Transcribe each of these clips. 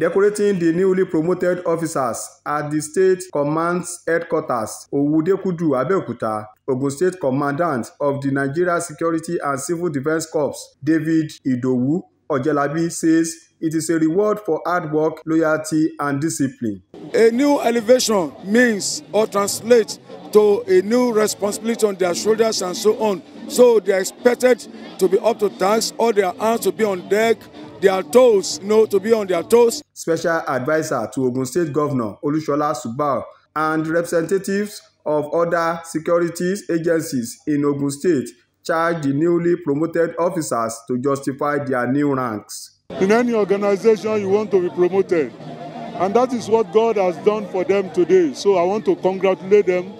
decorating the newly promoted officers at the State Command's headquarters, Owudekudu, Abeokuta, Ogun State Commandant of the Nigeria Security and Civil Defence Corps, David Idowu Ojelabi, says it is a reward for hard work, loyalty, and discipline. A new elevation means or translates to a new responsibility on their shoulders and so on. So they are expected to be up to task, or their hands to be on deck, their toes, you know, to be on their toes. Special adviser to Ogun State Governor Olusola Subao and representatives of other securities agencies in Ogun State charged the newly promoted officers to justify their new ranks. In any organization, you want to be promoted. And that is what God has done for them today. So I want to congratulate them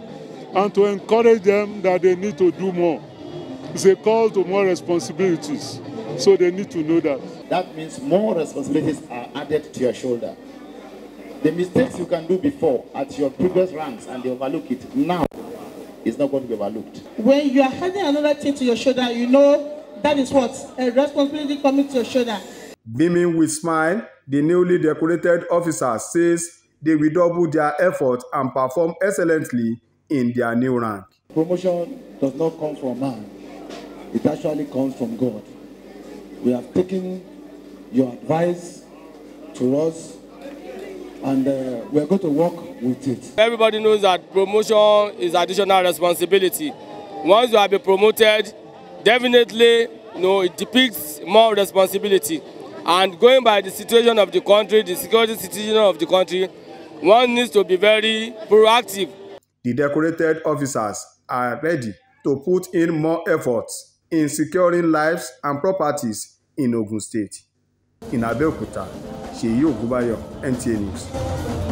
and to encourage them that they need to do more. It's a call to more responsibilities. So they need to know that. That means more responsibilities are added to your shoulder. The mistakes you can do before at your previous ranks and they overlook it, now it's not going to be overlooked. When you are adding another thing to your shoulder, you know that is what? A responsibility coming to your shoulder. Beaming with smile, the newly decorated officer says they will double their effort and perform excellently in their new rank. Promotion does not come from man. It actually comes from God. We have taken your advice to us and uh, we are going to work with it. Everybody knows that promotion is additional responsibility. Once you have been promoted, definitely you know, it depicts more responsibility. And going by the situation of the country, the security situation of the country, one needs to be very proactive. The decorated officers are ready to put in more efforts in securing lives and properties in Ogun State. In Abeokuta, Seyi Ogunbayo, NTA News.